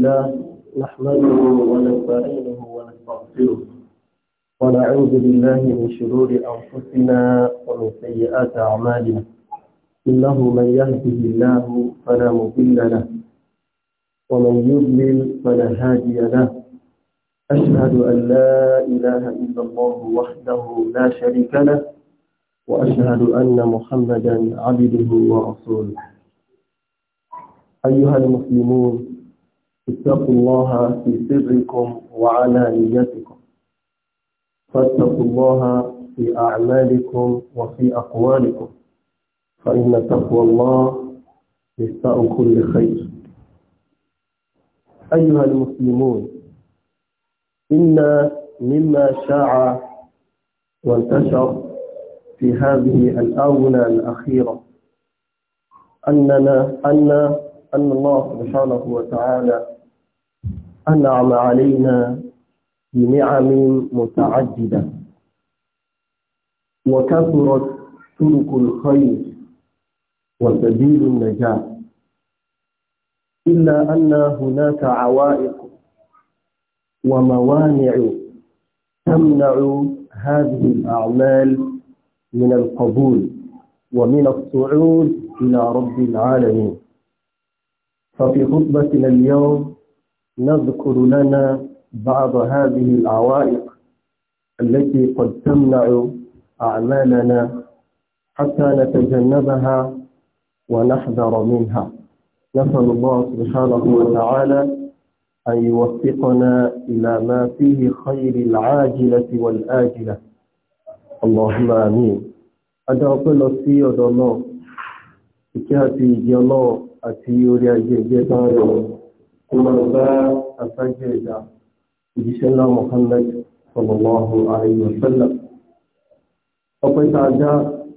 الله نحمده ونستعينه ونستغفره ونعوذ بالله من شرور أنفسنا ومن سيئات أعمالنا إنه من يهده الله فلا مضل له ومن يضلل فلا هادي له أشهد أن لا إله إلا الله وحده لا شريك له وأشهد أن محمدا عبده ورسوله أيها المسلمون اتقوا الله في سركم وعلانيتكم فاتقوا الله في أعمالكم وفي أقوالكم فإن تقوى الله نساء كل خير أيها المسلمون إن مما شاع وانتشر في هذه الآونة الأخيرة أننا أن أن الله سبحانه وتعالى أنعم علينا بنعم متعددة وكثرت طرق الخير وسبيل النجاة إلا أن هناك عوائق وموانع تمنع هذه الأعمال من القبول ومن الصعود إلى رب العالمين ففي خطبتنا اليوم نذكر لنا بعض هذه العوائق التي قد تمنع أعمالنا حتى نتجنبها ونحذر منها نسأل الله سبحانه وتعالى أن يوفقنا إلى ما فيه خير العاجلة والآجلة اللهم آمين أدعو أدعوكم السيد الله إكاتي جلو أتيوري أجيجي olùgbà àtàjẹ́ ìdá ìjíṣẹ́ ńlá Muhammad sallallahu alayhi wa sallam ọpẹ́ tá a dá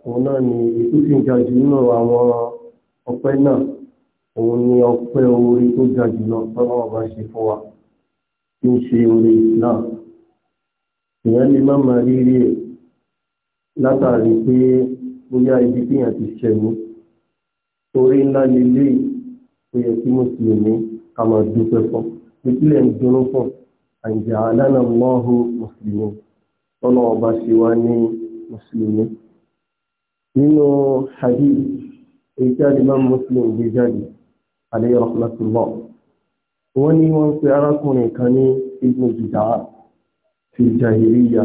òun náà ni ìtúsìn ga jù nínú àwọn ọpẹ́ náà òun ni ọpẹ́ orí tó ga jù lọ tọ́lá ọba ṣe fún wa tí ń ṣe orí Islam èèyàn lè má máa rírí ẹ̀ látàrí pé bóyá ibi téèyàn ti ṣẹ̀mú orí ńlá lélẹ́yìí tó yẹ kí mùsùlùmí kàmọ̀ dúpẹ́ fún ìpínlẹ̀ ń dúró fún àǹjà alána mọ́hù mùsùlùmí tọ́nà ọba ṣe wá ní mùsùlùmí nínú hadith èyí tí alimá mùsùlùmí gbé jáde alayhi rahmatullah wọ́n ní wọ́n pe arákùnrin kan ní ibùn jìdá fi jahiliya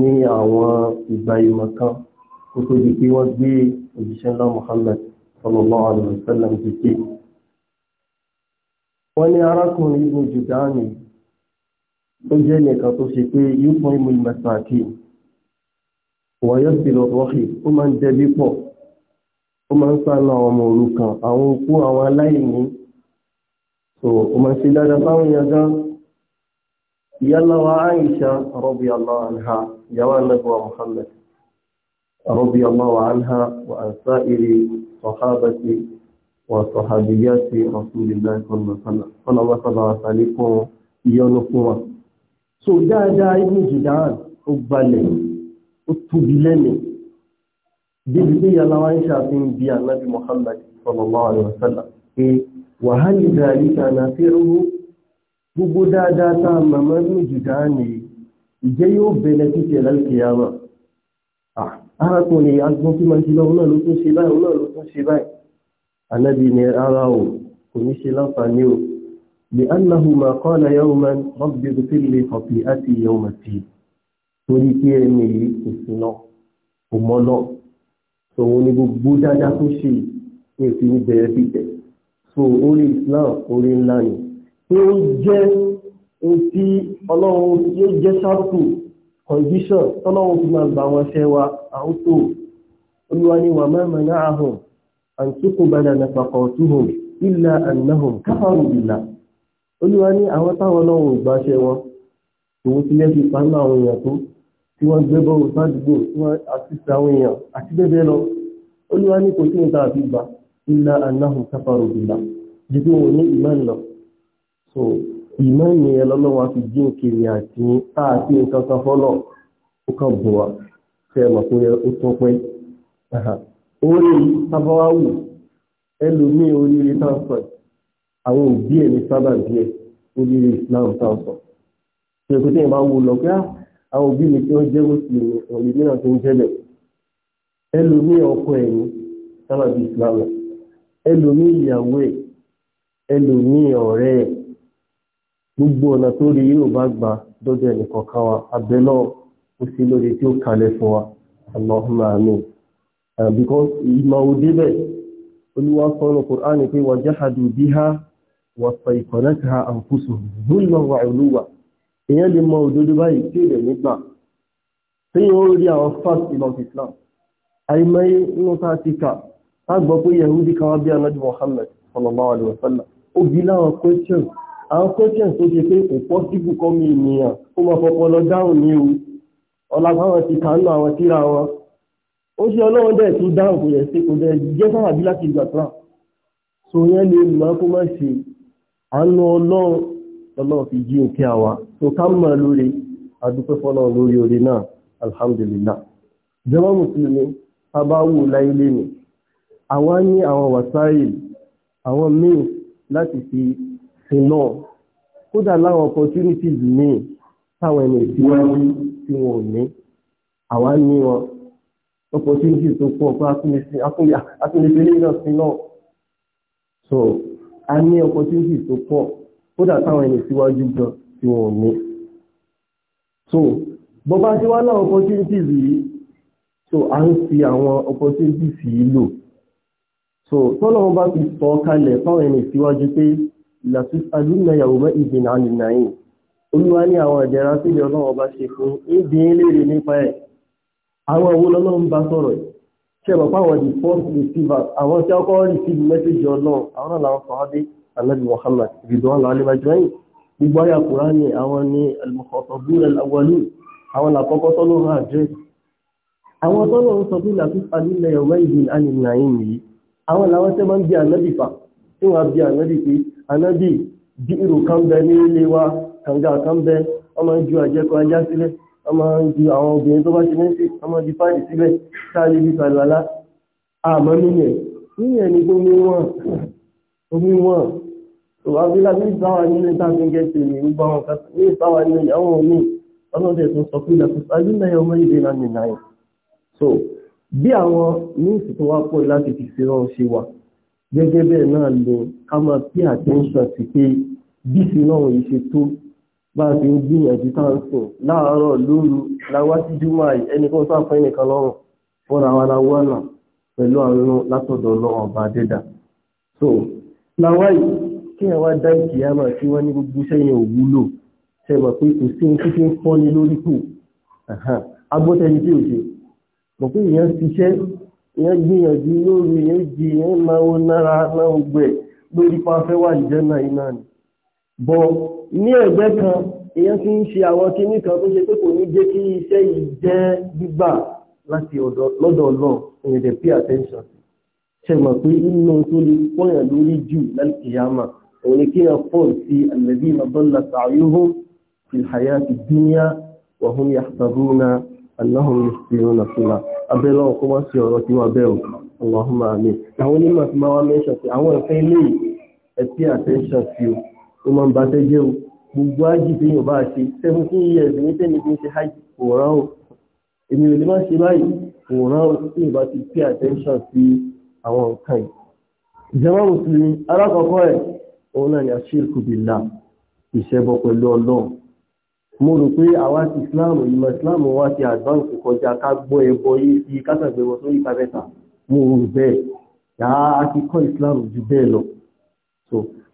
ní àwọn ìgbà ìmọ̀ kan kó tó di pé wọ́n gbé òjíṣẹ́ ńlá Muhammad sallallahu alaihi wasallam ti wọ́n ní arákùnrin ibn jùdáàmì ó jẹ́ nìkan tó ṣe pé yóò fún ìmú ìmọ̀sàkì wọ́n yóò sì lọ rọ́ọ̀hì ó máa ń dẹbí pọ̀ ó máa ń sànà ọmọ òrukàn àwọn òkú àwọn aláìní so ó máa ṣe dáadáa fáwọn èèyàn gan yálà wa Aisha radiyallahu anha ìyàwó وصحابيات رسول الله صلى الله عليه وسلم صلى الله عليه وسلم ìyọnu fún wa so dáadáa inú jìdáàn ó gbalẹ̀ ó tóbi lẹ́nu bíbi tí yàrá wa ń ṣàfihàn bí anábì Muhammad sallallahu alaihi wasallam pé wàhálì dàrí kànáà fi rúrú gbogbo dáadáa tá a mọ̀mọ́ inú jìdáàn yìí ìjẹ́ yóò bẹ̀rẹ̀ títẹ̀ lálùkìyàmà arákùnrin agbọ́n tí máa ń ṣe báyìí náà ló tún ṣe báyìí náà ló tún ṣe báyìí anábì ní ara ò kò ní ṣe láǹfààní ò bí annahu ma qala yawman rabbi ighfir li khati'ati yawma ti torí pé ẹni yìí kò sí náà kò mọ́ náà tòun ní gbogbo dáadáa tó ṣe ní èsì ní bẹ̀rẹ̀ bìtẹ̀ so orí islam orí ńlá ni pé ó jẹ́ tí ọlọ́run yóò jẹ́ ṣáàtù condition tọ́lọ́run fi máa gbà wọn ṣẹ́ wa àótó olúwa ni wà mẹ́mẹ́ náà an tuqbala nafaqatuhum illa annahum kafaru billah olúwa ní àwọn táwọn náà ò gbàṣẹ wọn tòun ti lẹ́bi na àwọn èèyàn tó tí wọ́n gbé bọ́ọ̀lù sádùúgbò tí wọ́n àtìsí àwọn èèyàn àti bẹ́ẹ̀ bẹ́ẹ̀ lọ olúwa ní kò sí nǹkan àfi gbà illa annahum kafaru billah so iman yẹn lọ́lọ́wọ́ fi nkiri kan orí sábáwáwù ẹlòmíì oríire náà sọ àwọn òbí ẹ̀ sábà bí ẹ̀ oríire Islam náà sọ ṣe kò tẹ́yìn wù lọ pé ah, àwọn òbí mi tí wọ́n jẹ́ mùsùlùmí náà tó ń jẹ́lẹ̀ ọkọ ẹ̀ sábà bí Islam ìyàwó ọ̀rẹ́ gbogbo ọ̀nà tó rí yóò bá gba dọ́dọ̀ ẹnìkọ̀ọ̀kan wa abẹ́ náà sí tí ó kalẹ̀ Uh, because ìmọ̀ òdé bẹ̀ olúwa sọ́nà Kùránì pé wọ́n jahadu biha wa sayqanatha anfusuhum zulman wa uluwa èyàn lè mọ òdodo báyìí tí ìrẹ̀ nígbà tí yóò rí àwọn fast about Islam àìmọye inú ta ti kà á gbọ́ pé Yahudi kan wá bí Ànábì Muhammad sallallahu alaihi wa ó ṣe ọlọ́run dẹ̀ tó dáhùn kò yẹ sí kò dẹ̀ jẹ́ fáwọn àbí láti ìgbà kan so yẹn ni olùmọ̀ kó má ṣe àánú ọlọ́run lọ́lọ́run fi jí òkè àwa tó ká mọ̀ lórí adúpẹ́ fọ́nà lórí orí náà alhamdulillah jọba mùsùlùmí a bá wù láyé ní àwọn wàsáì àwọn míì láti fi sin kódà láwọn opportunities míì táwọn ẹni tí wọn ní àwa ní wọn opportunity tó pọ̀ pé akúnlẹ̀fẹ́lẹ́ náà sí náà so a ní opportunity tó pọ̀ ó dà táwọn ẹni síwájú gan tí wọ́n ní so bọ́bá tí wá náà opportunities yìí so a ń fi àwọn opportunities yìí lò so tọ́lọ́ wọn bá fi sọ kalẹ̀ fáwọn ẹni síwájú pé latus alúna yàwó mẹ́ ìdènà àlùnáyìn olúwa ní àwọn ìdẹ̀ra sílẹ̀ ọlọ́wọ́ bá ṣe fún ìdín léèrè nípa ẹ̀ àwọn owó lọ́lọ́run bá sọ̀rọ̀ ẹ̀ ṣẹ̀bọ̀ páwọn the first receiver àwọn tí ọkọ̀ receive message ọlọ́run àwọn làwọn sọ̀hádé anabi muhammad ridwan lalẹ́ bajúwáyìn gbogbo ayé àkùránì àwọn ni al-mukhatabun al àwọn làkọ́kọ́ tọ́lọ́run àdírẹ́ àwọn tọ́lọ́run sọ bí làtúfà nílẹ̀ ọmọ ìdí àyìnláyìn yìí àwọn làwọn tẹ́ máa ń bí anabi fà tí wọ́n á bí anabi pé anabi bí irú kan bẹ ní wa kànga kan bẹ ọmọ ju àjẹkọ ajá wọ́n máa di àwọn obìnrin tó bá ṣe mẹ́sì wọ́n máa di fáìlì sílẹ̀ sáájú bí sàlùwàlá àmọ́ níyẹn níyẹn ni pé omi wọ̀n omi wọ̀n àbílá ní ìsáwà nínú ìtàkùn gẹ̀ẹ́sì ní gbogbo àwọn kan ní ìsáwà nínú ìyàwó mi ọlọ́dẹ̀ tó sọ pé ìdàkùn sáájú náà ọmọ ìdè náà nìyà yẹn so bí àwọn níìsì tó wá pọ̀ láti fi fi rán ṣe wà gẹ́gẹ́ bẹ́ẹ̀ náà lè ká máa pay attention sí pé bí ìsinmi àwọn yìí ṣe tó bá a ti ń i tá à ń sìn láàárọ̀ lóru láwá sí júmọ́ àyè ẹni kan sáfẹ́ nìkan lọ́rùn fúnra wa la wá náà pẹ̀lú àrùn látọ̀dọ̀ ọba dẹ́dà so láwá kí ẹ dá ìkìyàmà tí wọ́n ní gbogbo sẹ́yìn òwúlò ṣe pé kò sí ohun ń fọ́ni lórí kù tí ò ṣe mọ̀ pé ṣiṣẹ́ gbìyànjú máa ń gbẹ lórí bọ̀ ní ẹ̀gbẹ́ kan èèyàn ti ń ṣe àwọn kíní kan tó ṣe pé kò ní jẹ́ kí iṣẹ́ yìí jẹ́ gbígbà láti ọ̀dọ̀ lọ́dọ̀ náà èèyàn dẹ̀ pay attention ṣe mọ̀ pé inú tó lè pọ́yàn lórí jù lálùkìyàmà òun ni kíyàn pọ̀ sí àlẹ́bí mabọ́lá sàáyóhó fi hàyà ti dúnyá wàhún yàtàrúnà aláhùn yìí fìlà abẹ́lọ́ ọkọ́ wá sí ọ̀rọ̀ tí wà bẹ́ẹ̀ o Allahumma àmín àwọn onímọ̀ tí máa wá mẹ́ṣọ̀ sí àwọn ìfẹ́ ilé ẹ̀ pay attention sí o ó máa ń ba tẹ́jẹ́ o gbogbo ájì tí yóò bá ṣe seventeen years ní tẹ́ni tí ń ṣe hajj kò rán o èmi ò lè má ṣe báyìí kò rán o tí yóò bá ti pay attention sí àwọn nǹkan yìí. ìjọba mùsùlùmí alákọ̀ọ́kọ́ ẹ̀ òun náà ni àṣírkù bìlà ìṣẹ́bọ pẹ̀lú ọlọ́run mo rò pé àwa ti islam ìmọ̀ islam wa ti advance kọjá ká gbọ́ ẹbọ yìí sí kásàgbẹ̀wọ̀ sórí kábẹ́ta mo rò bẹ́ẹ̀ yàá a ti kọ́ islam ju bẹ́ẹ̀ lọ.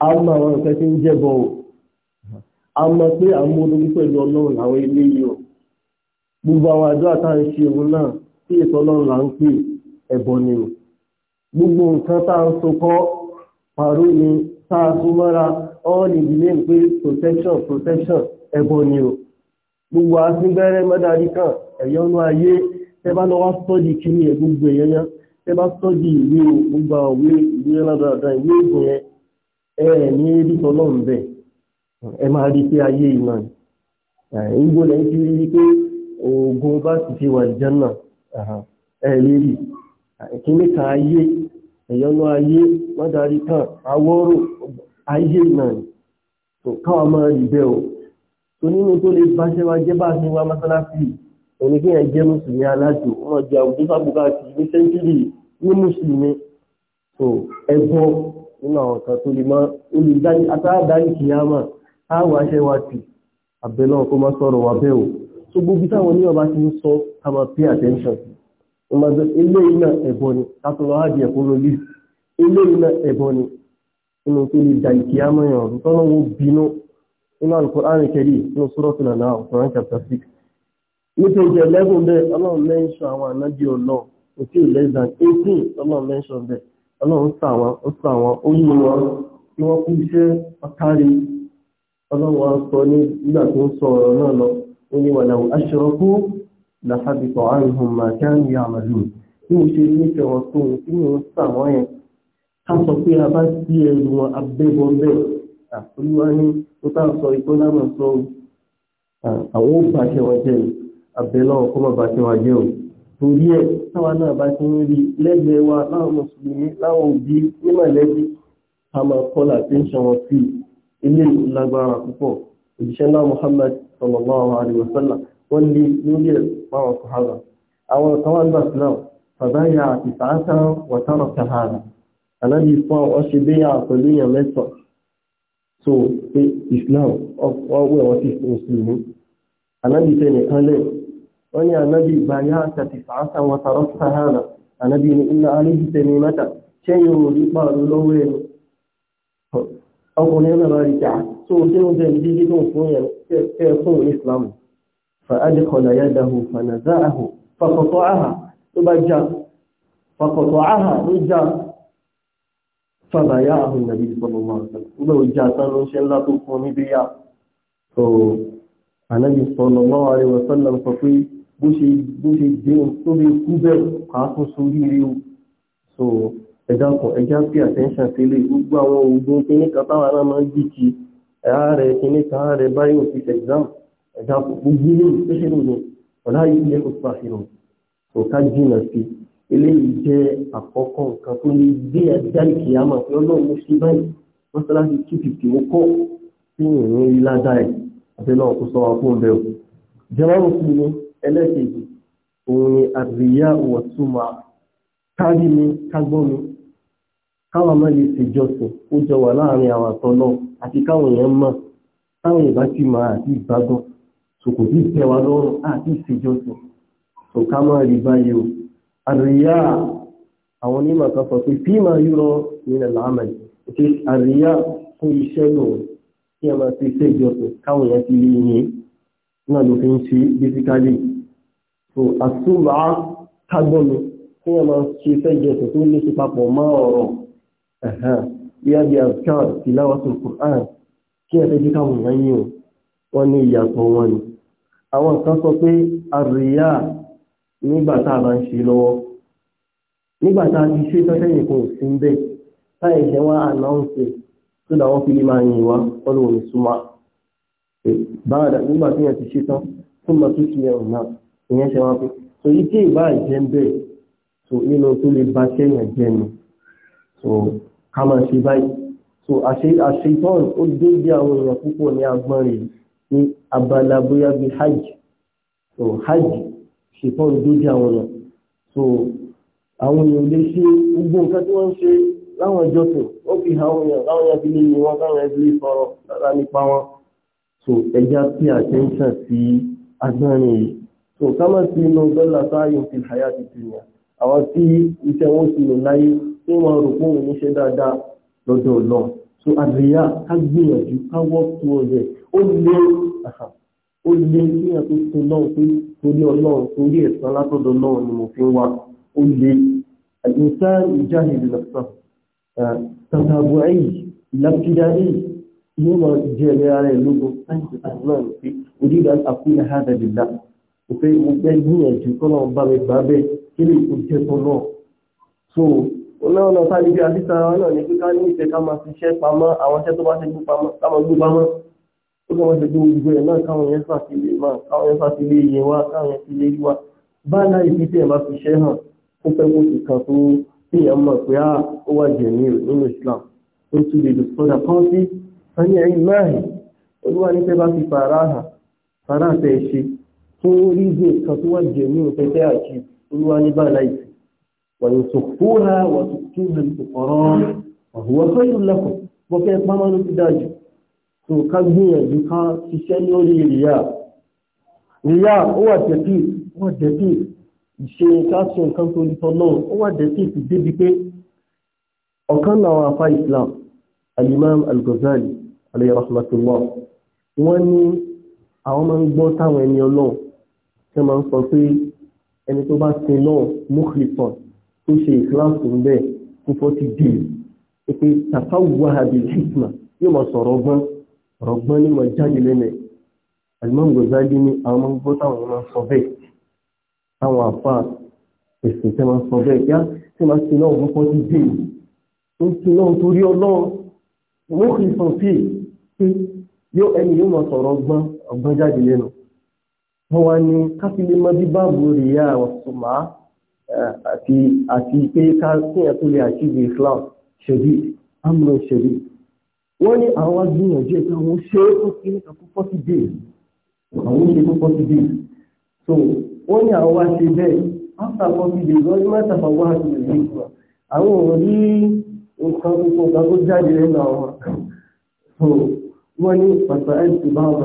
a mọ àwọn tí ń a mọ pé à ń mójú pẹ̀lú ọlọ́run làwọn ilé o gbogbo àwọn àjọ àtàwọn náà tí ètò là ń pè ni o gbogbo nǹkan tá ń pàró ni tá a fún mọ́ra ni o gbogbo asínbẹ́rẹ́ mọ́dárí kan ẹ̀yọ́nú ayé tẹ́ bá lọ wá sọ́ọ̀dì kìíní ẹ̀ gbogbo ẹ̀yẹ́yẹ́ tẹ́ bá gbogbo àwọn ìwé ìwé ìwé ẹ ní rí tọlọ́run bẹ́ẹ̀ ẹ máa rí pé ayé ìmọ̀ ìgbó lẹ́yìn tí rí pé oògùn bá sì fi wà ìjánà ẹ lè rí kíní kan ayé ẹ̀yọ́nú ayé mọ́darí kan awọ́rò ayé ìmọ̀ tó nínú tó lè báṣẹ́ wa jẹ́ bá ṣe wá mọ́sálásí òní kí ẹ̀ jẹ́ mùsùlùmí alájò nínú àwọn kan tó lè mọ́ olùdarí atáàdárí kìyàmà táwọn aṣẹ́ wa tì abẹ náà kó má sọ̀rọ̀ wa bẹ́ẹ̀ o tó gbogbo táwọn oníyàn bá ti ń sọ pay attention ilé iná ẹ̀bọ ni kátólọ́ áàdì ẹ̀kọ́ lórí ilé iná ni tó lè yàn tọ́lọ́ wo bínú chapter six nítorí bẹ́ẹ̀ ọlọ́run mẹ́ńṣọ àwọn less than eighteen ọlọ́run ọlọ́run sọ àwọn ó sọ àwọn ó yí wọn tí wọ́n kú iṣẹ́ ọ̀kárí ọlọ́run á sọ nígbà tó ń sọ ọ̀rọ̀ náà lọ ó ní wàlàwù aṣọ́rọ́kú làfàbìtọ̀ àrùn màkàn yà màlúù tí mo ṣe nífẹ̀ẹ́ wọn tó ń àwọn yẹn wọn abẹ́bọ bẹ́ẹ̀ àfolúwa ní wọn jẹ́ òun torí ẹ̀ táwa náà bá ti ń rí lẹ́gbẹ̀ẹ́ wa láwọn mùsùlùmí láwọn òbí ní mọ̀lẹ́bí a máa puku, tí ń ṣọwọ́ sí ilé ìlágbára púpọ̀ òjíṣẹ́ náà Muhammad sallallahu wasallam wọ́n lé lórí ẹ̀ fáwọn sàhárà àwọn tàwọn gbà sílẹ̀ fàdáyà àti sàátà wàtàrà sàhárà anábì fún àwọn ṣe béyà pẹ̀lú èèyàn mẹ́sàn so pé Islam ọwọ́ mùsùlùmí onye ní ànábì ìbáyá àtàtì fàásà wọn tààrọ́ sahara na ní ilá aléjì tẹ̀mí mẹ́ta ṣé yóò rò nípa ọ̀rọ̀ lọ́wọ́ ẹnu ọkùnrin náà bá rí jà tó o tí ó bẹ̀rẹ̀ ní dídí náà fún yẹn kẹ́ fún islam fàájì kọ̀lá yá dàhù fànàzá àhù fàkọ̀tọ̀ bó ṣe bó ṣe dé o tó lè kú bẹ́ẹ̀ kà tún sórí rí o so ẹja kan ẹja pay attention sílé gbogbo àwọn oògùn kíní kan táwọn náà máa ń jì kí ẹ̀rá rẹ̀ kíní kan báyìí òfin exam ẹja kan gbogbo ilé ìpèsèrò ni ọ̀la yìí lè kó pàṣírò kò ká jìnà sí eléyìí jẹ́ àkọ́kọ́ nǹkan tó lè gbé ẹja ìkìyàmà pé ọlọ́run mo ṣe báyìí mọ́sálásí two fifty mo kọ́ sí ìrìn rí ládàá ẹ̀ àti náà kó sọ wa fún bẹ́ẹ̀ jẹ́ wá fún mi ẹlẹ́kejì òun ni àríyá wọ̀túnmá kárí mi kágbọ́n mi káwọn máa lè ṣèjọsìn ó jọ wà láàrin àwọn àtọ́lọ́ àti káwọn èèyàn mọ̀ táwọn ìbá ti máa àti ìbágbọ́n so kò sí tẹ́wa lọ́rùn àti ìṣèjọsìn so ká máa rí báyìí o àríyá àwọn onímọ̀ kan sọ pé bí máa yúrọ nílẹ̀ láàmì pé àríyá fún iṣẹ́ lòun kí ẹ máa fi ṣèjọsìn káwọn èèyàn ti lè yìn náà ló fi ń ṣe bísíkálì so àtúbà kágbọ́nù kí wọ́n máa ṣe fẹ́ jẹsẹ̀ tó ní ṣe papọ̀ mọ́ ọ̀rọ̀ bíyà bí azkar tilawatul Qur'an kí ẹ fẹ́ jí káwọn èèyàn yìí wọ́n ní ìyàtọ̀ wọn ni àwọn kan sọ pé àríyá nígbà tá a bá ń ṣe lọ́wọ́ nígbà tá a ti ṣe tọ́tẹ́yìn kan ò sí ń bẹ́ẹ̀ táyà ìṣẹ́ wọn ànáùnsì tó dáwọn fi ìyẹn ṣe wọn pé so yìí tí ìbá ìjẹ́ ń bẹ̀ so nínú tó lè ba sẹ́yìn ẹ̀jẹ̀ ni so ká máa ṣe báyìí so àṣetán ó dé bí àwọn èèyàn púpọ̀ ní agbọ́n rẹ̀ ní abala bóyá bíi hajj so hajj ṣetán dé bí àwọn èèyàn so àwọn èèyàn lè ṣe gbogbo nǹkan tí wọ́n ń ṣe láwọn ẹjọ́ tó ó fi àwọn èèyàn láwọn èèyàn bí nínú wọn láwọn ẹbí lè sọ̀rọ̀ lára nípa wọn so ẹja pay attention sí agbọ́n rẹ̀ yìí so kámọ́ sí inú dọ́là sáyò fi àyà ti tì yàn àwọn tí iṣẹ́ wọn sì lò láyé tí wọ́n rò pé òun ṣe dáadáa lọ́dọ̀ lọ so àdìyà ká gbìyànjú ká wọ́ tó ọ̀rẹ́ ó lé ó lé níyàn tó ti náà pé torí ọlọ́run torí ẹ̀sán látọ̀dọ̀ náà ni mo fi ń wá ó lé àdìsá ìjáhìlì lọ́sàn tàtàbù ẹ̀yìn ìlàkídárí yóò máa jẹ́ ẹ̀rẹ́ ara ẹ̀ lógún láti àdúrà ní pé orí ìgbà àkúlẹ̀ pé mo fẹ́ gbìyànjú kọ́ náà bá mi gbà bẹ́ẹ̀ kí lè kó jẹ́ tó náà. so onáwọn náà sáré bí àdìsá ara náà ni pé ká ní ìfẹ́ ká máa ṣiṣẹ́ pamọ́ àwọn iṣẹ́ tó bá ṣe gbé pamọ́ ká máa gbé pamọ́ ó kàn wọ́n ṣe gbé gbogbo ẹ̀ náà káwọn yẹn fàtí lè máa káwọn yẹn fàtí lè yẹ wá káwọn yẹn fi lè rí wá bá láì fi tẹ̀ máa fi ṣẹ́ hàn ó fẹ́ kó sì kàn tó téèyàn mọ̀ pé ah, ó wà jẹ̀ ní nínú Islam ó tún lè lò kan sí sani ẹ̀yìn mẹ́rin olúwa ní fẹ́ bá fi fàrà hàn fàrà tẹ̀ ṣe tó rí gbé kan tó wà jẹ ní òpẹtẹ àti olúwa ní báyìí wàyí sòkúra wà tó tó hàn kòkòrò àhùwà tó yìí lẹkọọ bọkẹ pamọ ló ti dájú tó ká gbìyànjú ká ṣiṣẹ́ lórí ìrìyà ìrìyà ó wà tẹpí ó wà ọ̀kan làwọn afá islam alimam al-Ghazali alayhi wọ́n ní àwọn máa ń gbọ́ táwọn ẹni ọlọ́run ṣe máa ń sọ pé ẹni tó bá sin náà mọ́kìlìpọ̀n tó ṣe ìkíláàsì ń bẹ̀ fún fọ́tí dìí ẹ pé tàfáwùwá àbí hikma yóò máa sọ̀rọ̀ ọgbọ́n ọ̀rọ̀ ọgbọ́n ní mọ̀ jáde lẹ́nu ẹ̀ alimami Ghazali ní àwọn máa ń gbọ́ táwọn máa ń sọ bẹ́ẹ̀ táwọn àfa ẹ̀sìn tẹ́ máa ń sọ bẹ́ẹ̀ yá tí máa sin náà fún fọ́tí dìí ó ń sin náà torí ọlọ́run mọ́kìlìpọ̀n sí pé yóò ẹni yóò máa sọ̀rọ̀ ọgbọ́n ọgbọ́n jáde lẹ́nu wọ́n wá ní káfílé mọ́ bí báàbù rìyà ọ̀sùnmá àti àti pé káàkiri tó lè àṣìbì islam ṣèdí amúlò ṣèdí wọ́n ní àwọn agbìyànjú ẹ̀ka àwọn ṣe é tó kí nípa púpọ̀ sí dé àwọn ṣe púpọ̀ sí dé so wọ́n ní àwọn ṣe bẹ́ẹ̀ after forty days wọ́n ní mẹ́ta fàwọn àti ìlú ìgbà àwọn ò rí nǹkan púpọ̀ kan tó jáde lẹ́nu àwọn so wọ́n ní pàtàkì bá wọn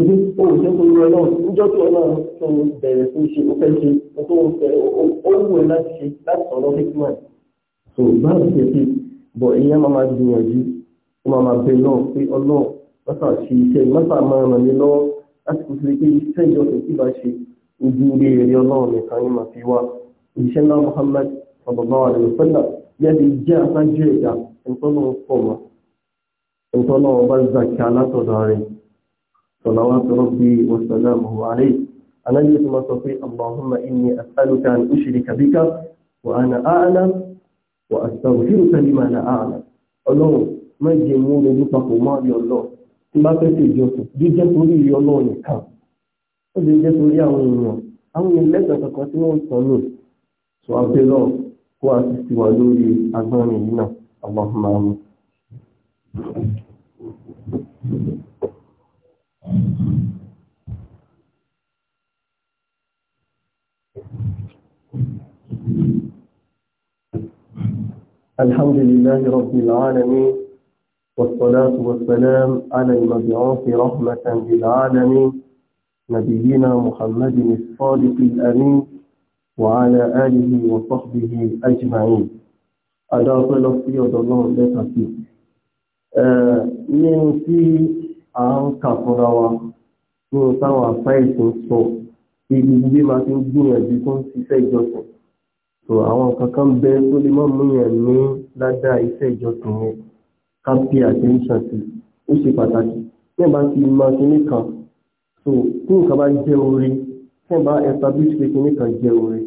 Ibi ó ń ṣe torí ọlọ́run, níjọ́ tí ọlọ́run tó ń bẹ̀rẹ̀ fún ṣe ó fẹ́ ṣe, ó tó ń fẹ́ ó wù ẹ́ láti ṣe láti sọ̀rọ̀ fífúnmọ̀. So báwo ṣe fi bọ̀ ìyẹn máa máa gbìyànjú, ó máa máa bẹ náà pé ọlọ́run mọ́sà ṣe iṣẹ́ mọ́sà máa ràn mí lọ́wọ́ láti kó ṣe pé iṣẹ́ ìjọsìn tí bá ṣe ojú orí èrè ọlọ́run nìkan ni màá fi wá. Òṣìṣẹ́ náà Muhammad sallallahu alaihi wasallam yẹ́bi jẹ́ aṣáájú ẹ̀dá ẹ̀ńtọ́ náà pọ̀ mọ́ ẹ̀ńtọ́ náà bá zàkí alátọ̀dọ̀ rẹ̀. صلوات ربي وسلامه عليه أنا يسمى صفي اللهم إني أسألك أن أشرك بك وأنا أعلم وأستغفرك لما لا أعلم الله ما جمود يطلق ما الله ما تسي جوسف jíjẹ́ torí ọlọ́run nìkan ó lè jẹ́ torí àwọn èèyàn àwọn èèyàn lẹ́gbẹ̀ẹ́ kankan tí wọ́n ń sọ lò sọ abẹ́ náà kó a ti ti wà lórí agbọ́nrin yìí náà àwọn ọmọ àwọn. الحمد لله رب العالمين والصلاة والسلام على المبعوث رحمة للعالمين نبينا محمد الصادق الأمين وعلى آله وصحبه أجمعين أدعو الله في الله لك في من في à ń kà fúnra wa tó táwọn àfáì tó sọ ibi gbígbé máa ti ń gbìyànjú tó ń ṣiṣẹ́ ìjọsìn tó àwọn kankan bẹ tó lè má múyàn ní ládàá iṣẹ́ ìjọsìn yẹn ká pay attention sí ó ṣe pàtàkì tí ẹ̀ bá ti máa ti ní kan tó tí nǹkan bá jẹ́ orí tí ẹ̀ bá establish pé kí nìkan jẹ́ orí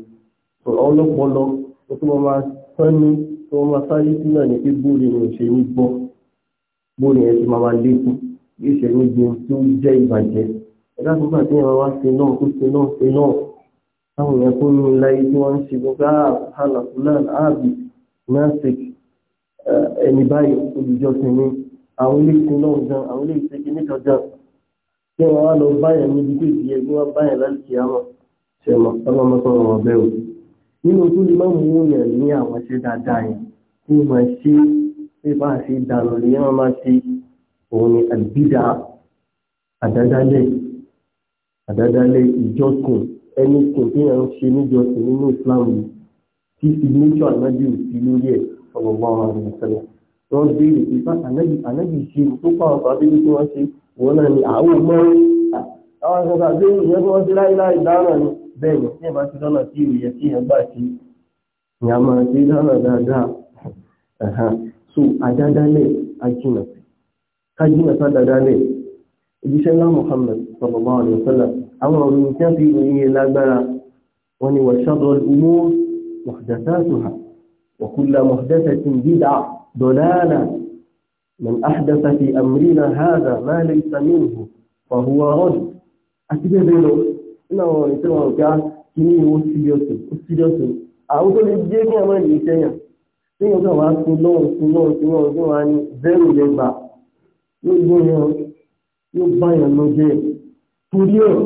tó ọlọ́pọlọ tó tó máa sánú tó máa sáré sílẹ̀ ní pé bóòlù ni ò ṣe ní gbọ́ bóòlù yẹn ti máa máa lékún yóò ṣe gbogbo tó jẹ́ ìbàjẹ́ ẹ̀dá tó gbà tí ẹ̀rọ wá ṣe náà tó ṣe náà ṣe náà táwọn èèyàn tó ní láyé tí wọ́n ń ṣe gbogbo àhàlà fúlàn ààbì nasik ẹni báyìí olùjọsìn ni àwọn ilé ìsìn náà gan àwọn ilé ìsìn kìíní kan gan kí wọ́n wá lọ báyà níbi tó ìdíyẹ kí wọ́n báyà láti ṣe àwọn ṣẹ̀mọ̀ ọlọ́mọ sọ̀rọ̀ wọn bẹ́ẹ̀ o nínú tó lè má mú yẹn ní àwọn ṣe dáadáa yẹn tí wọ́n máa ṣe pé bá a ṣe dànù lè yẹn máa ṣe òun ni àbídà àdádálẹ̀ àdádálẹ̀ ìjọsìn ẹni sìn tí yẹn ń ṣe níjọsìn nínú Islam yìí tí signature anábì ò sí lórí ẹ̀ sallallahu alaihi wasallam wọ́n béèrè pé bá anábì anábì ṣe tó pàwọn pàdé bí wọ́n ṣe wọ́n náà ni àwọn ọmọ àwọn akẹ́kọ̀ọ́ àti ìyẹn bí wọ́n ṣe láìláì dáná ni bẹ́ẹ̀ ni tí ẹ bá ti lọ́nà tí ìròyìn ẹ̀ tí ẹ gbà sí ni a máa ṣe lọ́nà dáadáa so àdádálẹ̀ ajínà kájínà sádàdá lẹ̀ ìjíṣẹ́ ńlá Muhammad sallallahu alaihi wasallam àwọn ọ̀rọ̀ tí a fi ìròyìn lágbára wọn ni wà ṣàbọ̀ ìmú muhdathatuha wa kullu muhdathatin bid'a dalala man ahdatha fi amrina hadha ma laysa minhu fa huwa radd àti bẹ́ẹ̀ lọ nínú àwọn ọ̀rọ̀ tí wọn ká kí ní ìwọ síríọ̀sì ó síríọ̀sì àwọn tó lè jẹ́ kí àwọn ènìyàn sẹ́yìn sẹ́yìn tó wá sí lọ́wọ́ sí lọ́wọ́ sí lọ́wọ́ sí wọn ní zero lẹ́gbàá yóò gbóyan yóò báyàn lọ́jẹ́ torí ẹ̀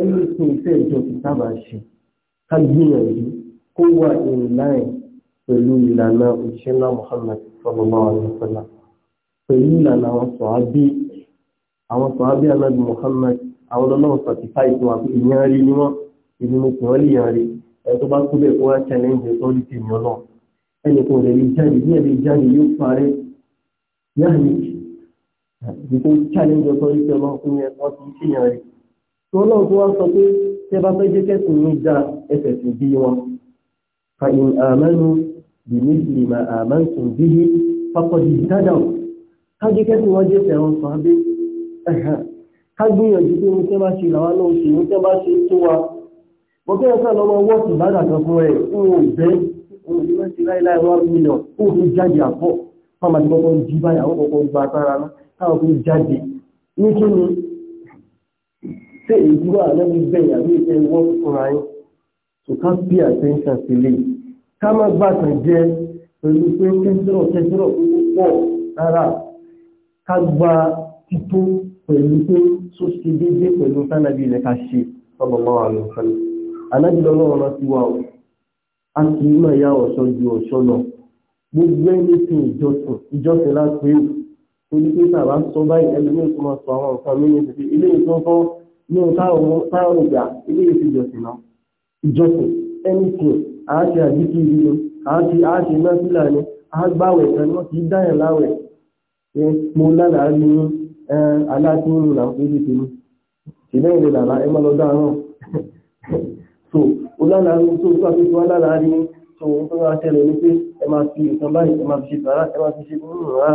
ẹni tó ìfẹ́ ìjọ ti sábà ṣe ká gbìyànjú kó wà ìrìnláì pẹ̀lú ìlànà òṣìṣẹ́ ńlá Muhammad sallallahu alaihi wasallam pẹ̀lú ìlànà àwọn sọ̀hábí àwọn sọ̀hábí anábì Muhammad àwọn ọlọ́run sọ̀tìfà ìtò àti ìyàn rí ni wọ́n ìlú mo kì wọ́n lè yàn rí ẹni tó bá kú bẹ́ẹ̀ kó wá challenge tó rí tèmi ọlọ́run ẹnì ìgbìtò challenge ọ̀tọ́ ìfẹ́ ọmọkùnrin ẹ̀kọ́ ti ṣèyàn rẹ̀ tó ọlọ́run tó wá sọ pé tẹ́ fẹ́ jẹ́ kẹ́sùn ní dá ẹsẹ̀ sí bí wọn fa in amanu bi misli ma amantum bihi faqad ihtadaw ká jẹ́ kẹ́sùn wọn jẹ́ fẹ́ràn sọ abé ká gbìyànjú pé ní tẹ́ bá ṣe làwa náà ṣe ní tẹ́ bá ṣe tó wa mo kẹ́ ẹ̀ka lọ́mọ wọ́ọ̀tù bá dàgbà fún ẹ̀ ń wò bẹ́ òun ìdí mẹ́sì láìláì wọ́n jí báyà ó kọ́kọ́ gba sára náà káwọn fi jáde ní kí ni ṣé èyí wà lẹ́nu bẹ́ẹ̀ àbí ìṣe wọ́n fúnra yín tó ká bí àtẹ́ńṣàn sí lè ká má gbàtàn jẹ pẹ̀lú pé kẹ́sìrọ̀ kẹ́sìrọ̀ púpọ̀ rárá ká gba tító pẹ̀lú pé tó ṣe déédéé pẹ̀lú tánàbí ilẹ̀ ká ṣe sallallahu alaihi wasallam anájúlọ́lọ́ ọ̀nà ti wà ó a kì í mọ̀ ìyá ọ̀ṣọ́ ju ọ̀ṣọ́ lọ gbogbo ẹni tí ìjọsìn ìjọsìn láti rí torí pé tàbá sọ báyìí ẹni ní ìtumọ̀ sọ àwọn nǹkan mí ní ìsìnkú ilé ìtọ́kọ́ ní táwọn táwọn ìgbà ilé ìfìjọsìn náà ìjọsìn anything àti àdíkì ìlú àti àti násílà ni àgbàwẹ̀ kan náà kì í dáyàn láwẹ̀ mo lálàá ní aláàtúnú là ń fojú tèmi ìlẹ́ ìlẹ̀ làlá ẹ má lọ dá náà so ó lálàá ní tó tó àfihàn wá lálàá ní tó ń tó wá ṣẹlẹ̀ ní pé ẹ máa fi nǹkan báyìí ẹ máa fi ṣe tààrà ẹ máa fi ṣe rárá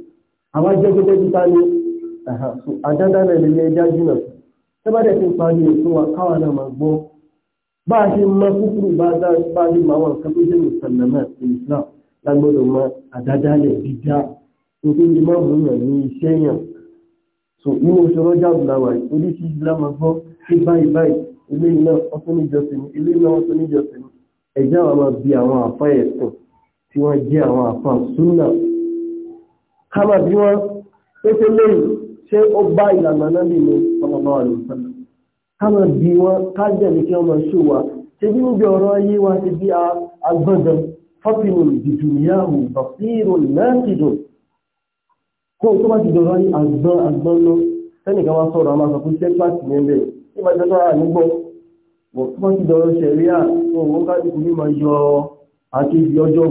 àwọn jẹ́ gẹ́gẹ́ bí ta ni àdádálẹ̀ lè yẹ ẹja jìnà tẹ́bàdẹ̀ ti ń parí ètò wa káwa náà máa gbọ́ bá a ṣe mọ kúkúrú bá a bá a ṣe mọ àwọn tó jẹ́ mùsàlámà islam lágbọ́dọ̀ mọ àdádálẹ̀ dídá nítorí lè má mú yàn ní iṣẹ́ yàn so ní mo ṣe rọ́jà bùláwà oríṣi islam gbọ́ sí báyìí báyìí ilé iná ọtún níjọsìn ni ilé iná ọtún níjọsìn ni ẹ̀jẹ̀ àwọn máa bi àwọn àfa ẹ̀sìn tí wọ́n jẹ́ àwọn kama bí wọ́n pété lẹ́yìn ṣé ó bá ìlànà náà bí mi ọlọ́lọ́ àlè sọ́nà kama bí wọ́n ká jẹ̀bi kí wọ́n máa wá ṣe bí ọ̀rọ̀ ayé wa ṣe bí agbọ́dọ̀ lẹ́ẹ̀kìdò kó tó bá ti dọ̀rọ̀ ayé àgbọn àgbọn lọ sẹ́nìkan wá sọ̀rọ̀ àmà sọ pé pàtì ní ẹgbẹ́ nígbà tó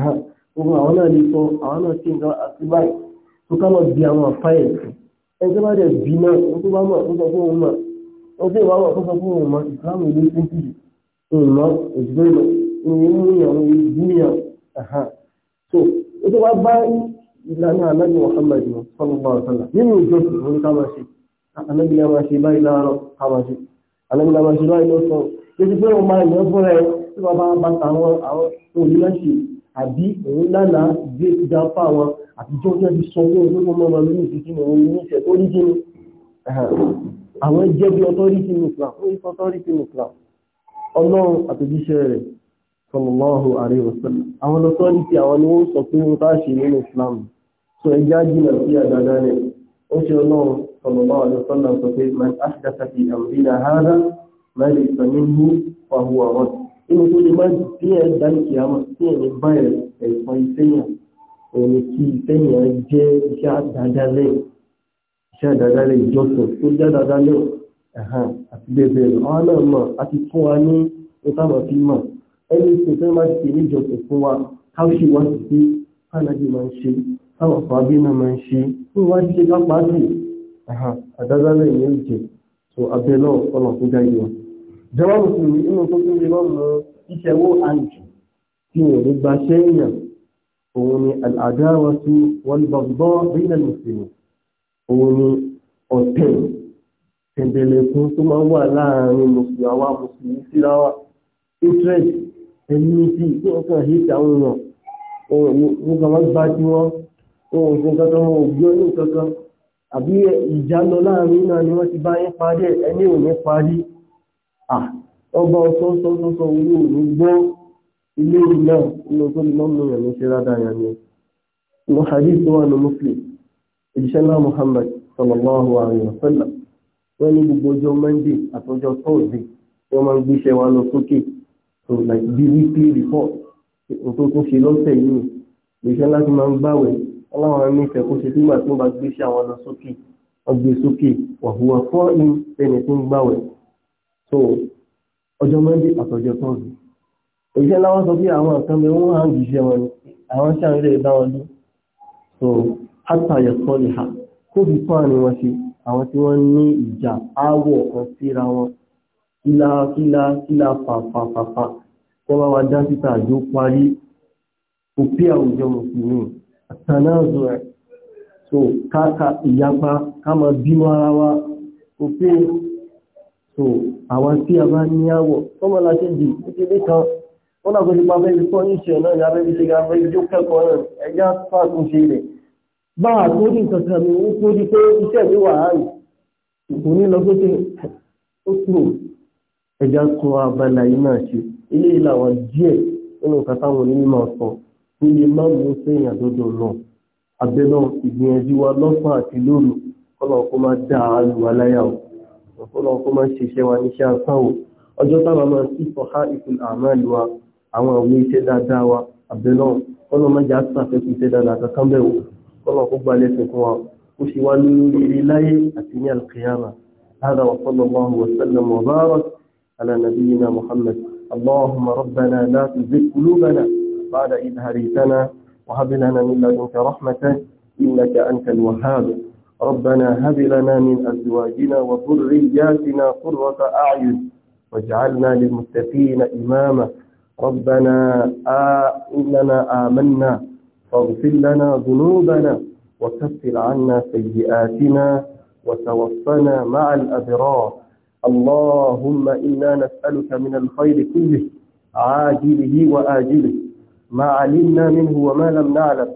bá gbogbo àwọn náà lè sọ àwọn náà sí nǹkan àti báyìí tó ká lọ bí àwọn àfáyẹ̀ ẹni tó bá dẹ̀ bí náà ẹni tó bá mọ̀ tó sọ fún òun mọ̀ ẹni tó bá mọ̀ tó sọ fún òun mọ̀ ìsìláàmù ilé tó ń tì í ìmọ̀ òjìlé lọ ìyẹn mú ìyàwó ìdíyàn so ó tó bá bá ìlànà anábì Muhammad mọ̀ sallallahu alaihi wasallam nínú ìjọsìn òun ká máa ṣe anábì yà máa ṣe báyìí láàárọ̀ ká máa ṣe anábì yà máa ṣe báyìí lọ́sọ̀ọ́ àbí òun lánàá gbé ti dá fún àwọn àtijọ́ tí wọ́n ti sọ owó olóko mọ́ wọn lórí ìdíjú mọ́ wọn ní ìṣẹ̀ tó rí kí ni àwọn jẹ́ bí ọtọ́rítì ní Islam ó yípa ọtọ́rítì ní Islam ọlọ́run àtòjíṣẹ́ rẹ̀ sallallahu alaihi wasallam àwọn ọtọ́rítì àwọn ni wọ́n sọ pé wọ́n inú tó lè má bí ẹ dáríkì àmọ́ tí ẹ lè bá ẹ̀fọn ìfẹ́yàn ẹni kí ìfẹ́yàn jẹ́ iṣẹ́ àdádálẹ̀ iṣẹ́ àdádálẹ̀ ìjọsìn tó jẹ́ àdádálẹ̀ àti bẹ́ẹ̀ àwọn náà mọ̀ àti fún wa ní ìtàmọ̀ fi mọ̀ ẹni tó fẹ́ má ti ní ìjọsìn fún wa káwíṣì wá sí pé kánájú máa ń ṣe káwọn ọ̀pọ̀ abí náà máa ń ṣe fún wa jíjẹ lápá sí àdádálẹ̀ ìyẹn ìjẹ so abẹ́ náà ọlọ́kúnjá yìí jọba mùsùlùmí inú tó tún lè mọ́ ìṣẹ̀wó àìjù tí wọ́n lè gba ṣẹ́ èèyàn òun ni àdáwọ̀ sí wọ́n gbọ́gbọ́ bílẹ̀ mùsùlùmí òun ni ọ̀tẹ̀ tẹ̀bẹ̀lẹ̀kún tó máa wà láàrin mùsùlùmí àwa mùsùlùmí síra wa interest ẹni tí kí wọ́n kàn hìtì àwọn èèyàn wọ́n kàn wọ́n ọba ọ̀sọ́sọ́sọ́sọ́ orí òní gbọ́ ilé ìlú inú tó ní lọ́nà rẹ̀ ló ṣe rádà yà ni lọ hadith tó wà ní muslim ìjíṣẹ́ náà muhammad sallallahu alayhi wa sallam wọ́n ní gbogbo ọjọ́ monday àtọjọ́ thursday wọ́n máa ń gbéṣẹ́ wa lọ sókè so like the weekly report nǹkan tó ṣe lọ́sẹ̀ yìí ìjíṣẹ́ láti máa ń gbàwẹ̀ aláwọn ará nífẹ̀ẹ́ kó ṣe nígbà tó bá gbéṣẹ́ àwọn lọ sókè wọ́n gbé sókè wàhùwà fọ́ in ẹni tó ń gbàwẹ̀ so ọjọ́ monday àtọjọ́ tọ́ọ̀dù òṣìṣẹ́ láwọn sọ pé àwọn nǹkan mi wọ́n hàn jíṣẹ́ wọn ni àwọn wọn so lè kó wọn ṣe àwọn tí wọ́n ní ìjà áwọ̀ síra wọn kílá bá wa dá síta àjò parí òpí àwùjọ mùsùlùmí àtànáàzù ẹ̀ so àwọn tí a bá ní àwọ̀ tọ́mọ la ṣe dì ní ilé kan wọ́n náà kò ti pa fẹ́ fi sọ níṣẹ́ náà ní abẹ́ fi ṣe ga fẹ́ fi jó kẹ́kọ̀ọ́ náà ẹja fàtúnṣe rẹ̀ bá a tó ní nǹkan kan mi ó tó di pé iṣẹ́ mi wà áyì kò ní lọ sókè ó kúrò ẹja tún abala yìí náà ṣe eléyìí làwọn díẹ̀ nínú nǹkan táwọn ọ̀pọ̀lọpọ̀ kó máa ń ṣiṣẹ́ wa níṣẹ́ àpáwò ọjọ́ táwa máa sí fọ́há ìkùn àmàlù wa àwọn àwọn iṣẹ́ dáadáa wa àbẹ̀lọ́n kọ́nà má jẹ́ àtàfẹ́kù iṣẹ́ dáadáa kankan bẹ̀ wò kó gba lẹ́sẹ̀ fún wa ó ṣe wá ní ilé láyé àti ní alkiyama هذا وصلى الله وسلم وبارك على نبينا محمد اللهم ربنا لا تزغ قلوبنا بعد إذ وهب لنا من رحمة إنك أنت الوهاب ربنا هب لنا من أزواجنا وذرياتنا قرة أعين واجعلنا للمتقين إماما ربنا إننا آمنا فاغفر لنا ذنوبنا وكفر عنا سيئاتنا وتوفنا مع الأبرار اللهم إنا نسألك من الخير كله عاجله وآجله ما علمنا منه وما لم نعلم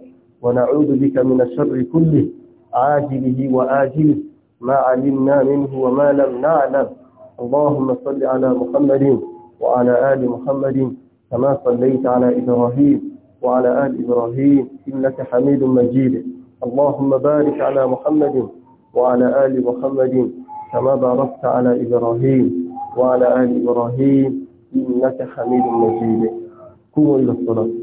ونعوذ بك من الشر كله عاجله وآجله ما علمنا منه وما لم نعلم اللهم صل على محمد وعلى آل محمد كما صليت على إبراهيم وعلى آل إبراهيم إنك حميد مجيد اللهم بارك على محمد وعلى آل محمد كما باركت على إبراهيم وعلى آل إبراهيم إنك حميد مجيد قوموا إلى الصلاة